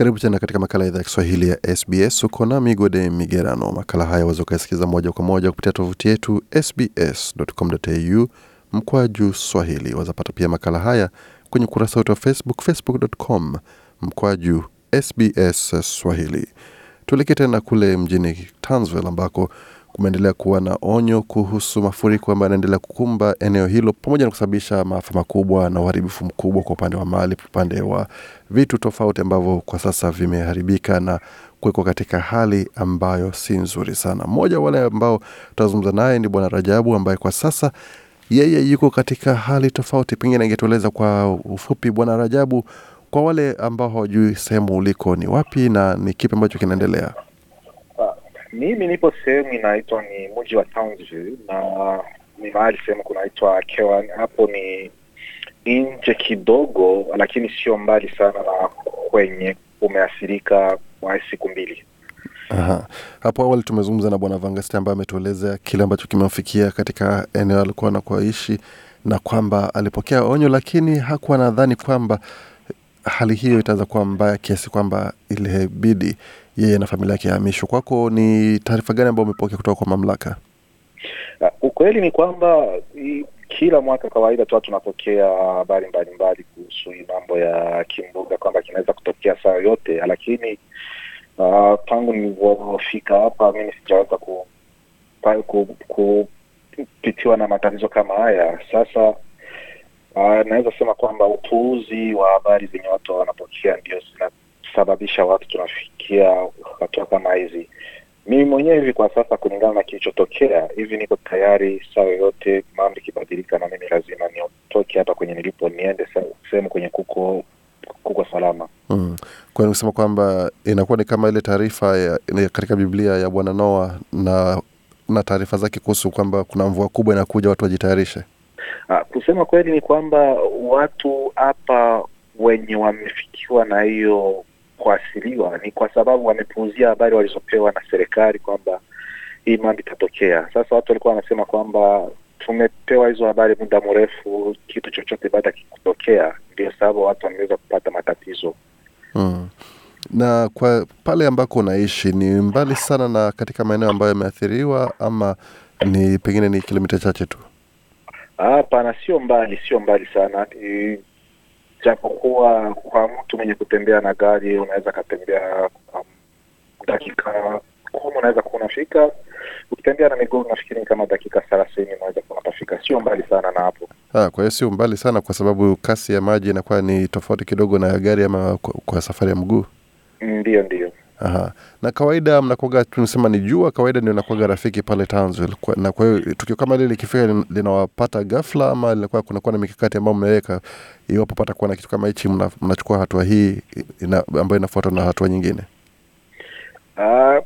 Karibu tena katika makala ya idhaa ya Kiswahili ya SBS. Uko na Migode Migerano. Makala haya waweza ukayasikiza moja kwa moja kupitia tovuti yetu sbs.com.au mkwaju swahili. Wazapata pia makala haya kwenye ukurasa wetu wa Facebook, facebook.com mkwaju sbs swahili. Tuelekee tena kule mjini Townsville ambako kumeendelea kuwa na onyo kuhusu mafuriko ambayo yanaendelea kukumba eneo hilo pamoja na kusababisha maafa makubwa na uharibifu mkubwa kwa upande wa mali, upande wa vitu tofauti ambavyo kwa sasa vimeharibika na kuwekwa katika hali ambayo si nzuri sana. Mmoja wale ambao tutazungumza naye ni Bwana Rajabu ambaye kwa sasa yeye yuko katika hali tofauti. Pengine angetueleza kwa ufupi, Bwana Rajabu, kwa wale ambao hawajui sehemu uliko ni wapi na ni kipi ambacho kinaendelea? Mimi nipo sehemu inaitwa ni mji wa Townsville na ni mahali sehemu kunaitwa Kewan. Hapo ni nje kidogo, lakini sio mbali sana na kwenye umeathirika kwa siku mbili. Aha. Hapo awali tumezungumza na Bwana Vangasti ambaye ametueleza kile ambacho kimemfikia katika eneo alikuwa anakoishi na kwamba alipokea onyo, lakini hakuwa nadhani kwamba hali hiyo itaweza kuwa mbaya kiasi kwamba ilibidi yeye na familia yake yahamishwa kwako. Ni taarifa gani ambayo umepokea kutoka kwa mamlaka? Ah, ukweli ni kwamba kila mwaka kawaida tua tunapokea habari mbalimbali kuhusu hii mambo ya kimbunga kwamba kinaweza kutokea saa yoyote, lakini uh, tangu nilivyofika hapa mimi sijaweza ku, ku, kupitiwa na matatizo kama haya. Sasa uh, naweza sema kwamba upuuzi wa habari zenye watu wanapokea ndio kusababisha watu tunafikia hatua kama hizi. Mimi mwenyewe hivi kwa sasa, kulingana na kilichotokea hivi, niko tayari saa yoyote mambo ikibadilika, na mimi lazima niotoke hapa kwenye nilipo, niende sehemu kwenye kuko kuko salama mm. hiyo kusema kwamba inakuwa ni kama ile taarifa katika Biblia ya Bwana Noa na na taarifa zake kuhusu kwamba kuna mvua kubwa inakuja, watu wajitayarishe. Ah, kusema kweli ni kwamba watu hapa wenye wamefikiwa na hiyo kuathiriwa ni kwa sababu wamepuuzia habari walizopewa na serikali kwamba hii mambo itatokea. Sasa watu walikuwa wanasema kwamba tumepewa hizo habari muda mrefu, kitu chochote baada kikutokea, ndio sababu watu wameweza kupata matatizo mm. Na kwa pale ambako unaishi ni mbali sana na katika maeneo ambayo yameathiriwa, ama ni pengine ni kilomita chache tu? Hapana, sio mbali, sio mbali sana japokuwa kwa mtu mwenye kutembea na gari unaweza katembea um, dakika kumi unaweza kuwa unafika. Ukitembea na miguu nafikiri kama dakika thelathini unaweza kuwa unatafika, sio mbali sana na hapo. ha, ah, kwa hiyo sio mbali sana, kwa sababu kasi ya maji inakuwa ni tofauti kidogo na gari ama kwa safari ya mguu. ndio ndio Aha. Na kawaida mnakuwaga tunasema ni jua, kawaida ndio nakuwaga rafiki pale Townsville. na kwa hiyo tukio kama lile likifika linawapata ghafla ama linakuwa kunakuwa na mikakati ambayo mmeweka, iwapo patakuwa na kitu kama hichi, mnachukua mna hatua hii ina, ambayo inafuatwa na hatua nyingine? Uh,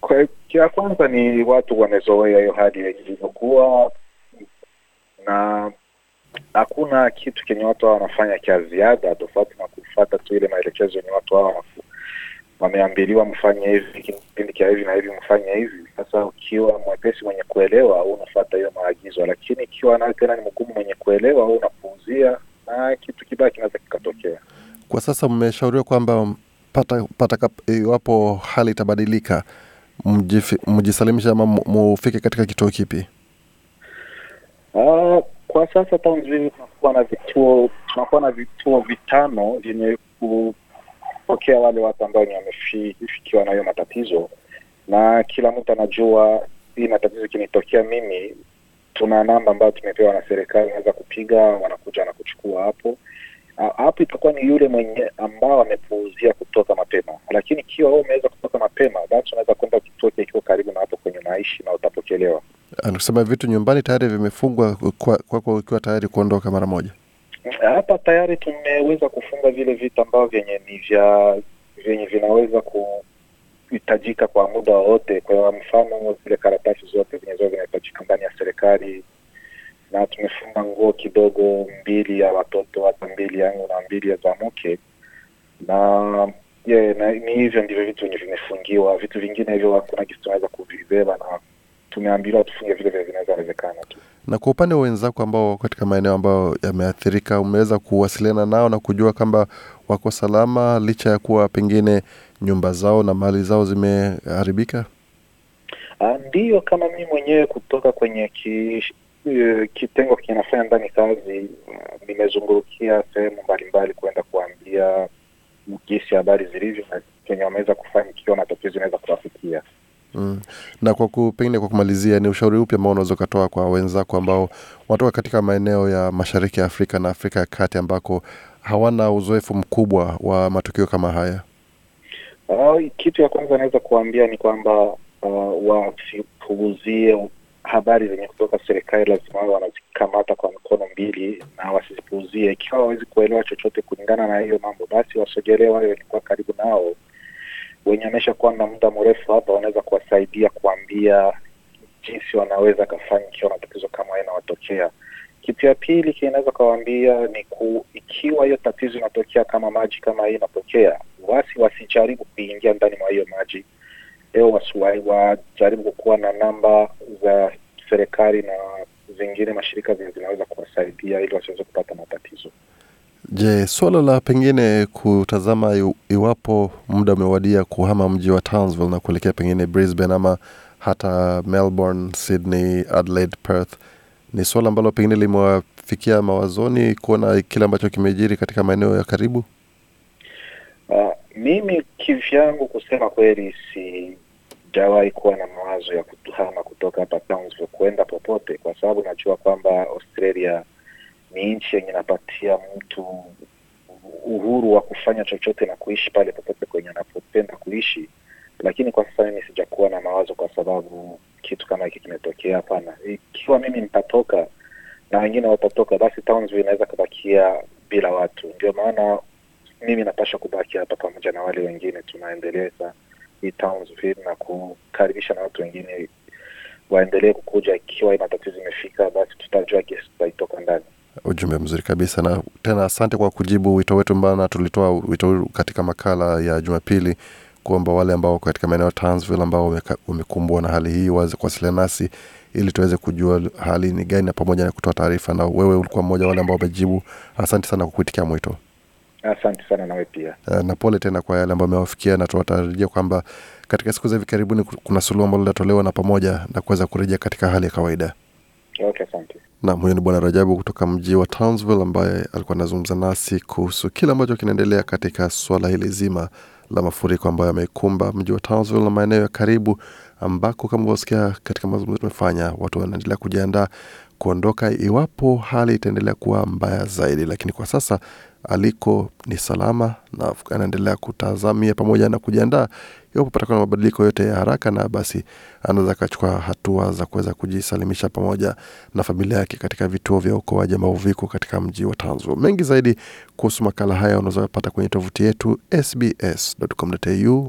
kwa kia kwanza ni watu wamezoea hiyo hali ilivyokuwa, na hakuna kitu kenye watu hawa wanafanya cha ziada tofauti na kufuata tu ile maelekezo yenye watu hawa wameambiliwa mfanye hivi kipindi cha hivi na hivi mfanye hivi. Sasa ukiwa mwepesi mwenye kuelewa au unafuata hiyo maagizo, lakini ikiwa nayo tena ni mgumu mwenye kuelewa au unapuuzia, na kitu kibaya kinaweza kikatokea. Kwa sasa mmeshauriwa kwamba pata pata iwapo hali itabadilika, mjisalimisha ama mufike katika kituo kipi? Ah, kwa sasa tunakuwa na vituo tunakuwa na vituo vitano vyenye kupokea wale watu ambao ni wamefikiwa na hiyo matatizo, na kila mtu anajua hii matatizo ikinitokea mimi, tuna namba ambayo tumepewa na serikali, naweza kupiga, wanakuja wanakuchukua hapo hapo. Itakuwa ni yule mwenye ambao amepuuzia kutoka mapema, lakini ikiwa wewe umeweza kutoka mapema, basi unaweza kwenda kituo ikiwa karibu na hapo kwenye maishi na utapokelewa. Anakusema vitu nyumbani tayari vimefungwa kwako, kwa ukiwa tayari kuondoka mara moja hapa tayari tumeweza kufunga vile vitu ambavyo vyenye ni vya vyenye vinaweza kuhitajika kwa muda wowote. Kwa mfano zile karatasi zote zenyezo zinahitajika ndani ya serikali, na tumefunga nguo kidogo mbili ya watoto, hata mbili yangu na mbili ya za mke na Yeah, na, ni hivyo ndivyo vitu venye vimefungiwa. Vitu vingine hivyo hakuna kisi tunaweza kuvibeba, na tumeambiwa tufunge vile vile wezekana tu. Na kwa upande wa wenzako ambao katika maeneo ambayo yameathirika, umeweza kuwasiliana nao na kujua kwamba wako salama licha ya kuwa pengine nyumba zao na mali zao zimeharibika? Ah, Ndiyo, kama mi mwenyewe kutoka kwenye ki, uh, kitengo kinafanya ndani kazi nimezungurukia sehemu mbalimbali kuenda kuambia gisi habari zilivyo na kenye wameweza kufanikiwa na tatizo inaweza kuwafikia. Mm. Na kwa pengine kwa kumalizia, ni ushauri upi ambao unaweza ukatoa kwa wenzako ambao watoka katika maeneo ya mashariki ya Afrika na Afrika ya kati ambako hawana uzoefu mkubwa wa matukio kama haya? Uh, kitu ya kwanza naweza kuwaambia ni kwamba uh, wasipuuzie habari zenye kutoka serikali, lazima wao wanazikamata kwa mkono mbili na wasizipuuzie. Ikiwa wawezi kuelewa chochote kulingana na hiyo mambo, basi wasogelee wale kuwa karibu nao wenye kuwa na muda mrefu hapa wanaweza kuwasaidia kuambia jinsi wanaweza kafanya ikiwa matatizo kama hayo yanawatokea. Kitu ya pili kinaweza kawaambia ni ku, ikiwa hiyo tatizo inatokea kama maji kama hii inatokea, basi wasijaribu kuingia ndani mwa hiyo maji leo, wajaribu kukuwa na namba za serikali na zingine mashirika zinaweza kuwasaidia ili wasiweze kupata matatizo. Je, swala la pengine kutazama iwapo muda umewadia kuhama mji wa Townsville na kuelekea pengine Brisbane ama hata Melbourne, Sydney, Adelaide, Perth ni swala ambalo pengine limewafikia mawazoni kuona kile ambacho kimejiri katika maeneo ya karibu? Uh, mimi kivyangu kusema kweli sijawahi kuwa na mawazo ya kutuhama kutoka hapa Townsville kuenda popote, kwa sababu najua kwamba Australia ni nchi yenye inapatia mtu uhuru wa kufanya chochote na kuishi pale popote kwenye anapopenda kuishi, lakini kwa sasa mimi sijakuwa na mawazo, kwa sababu kitu kama hiki kimetokea. Hapana, ikiwa mimi nitatoka na wengine watatoka, basi inaweza kubakia bila watu. Ndio maana mimi napasha kubaki hapa pamoja na wale wengine, tunaendeleza hii na kukaribisha na watu wengine waendelee kukuja. Ikiwa hii matatizo imefika, basi tutajua Ujumbe mzuri kabisa, na tena asante kwa kujibu wito wetu, mbana tulitoa wito katika makala ya Jumapili kuomba wale ambao wako katika maeneo ya Townsville ambao wamekumbwa na hali hii waweze kuwasiliana nasi ili tuweze kujua hali ni gani, na pamoja na kutoa taarifa. Na wewe ulikuwa mmoja wale ambao wamejibu. Asante sana kwa kuitikia mwito. Asante sana nawe pia, eh, na pole tena kwa yale ambao amewafikia, na tunatarajia kwamba katika siku za hivi karibuni kuna suluhu ambalo linatolewa na pamoja na kuweza kurejea katika hali ya kawaida. Okay, asante. Nam, huyo ni Bwana Rajabu kutoka mji wa Townsville ambaye alikuwa anazungumza nasi kuhusu kile ambacho kinaendelea katika swala hili zima la mafuriko ambayo yameikumba mji wa Townsville na maeneo ya karibu, ambako kama ulivyosikia katika mazungumzo tumefanya, watu wanaendelea kujiandaa kuondoka iwapo hali itaendelea kuwa mbaya zaidi, lakini kwa sasa aliko ni salama na anaendelea kutazamia pamoja na kujiandaa iwapo patakuwa na mabadiliko yote ya haraka, na basi anaweza akachukua hatua za kuweza kujisalimisha pamoja na familia yake katika vituo vya uokoaji ambavyo viko katika mji wa Tanzu. Mengi zaidi kuhusu makala haya unaweza kupata kwenye tovuti yetu sbs.com.au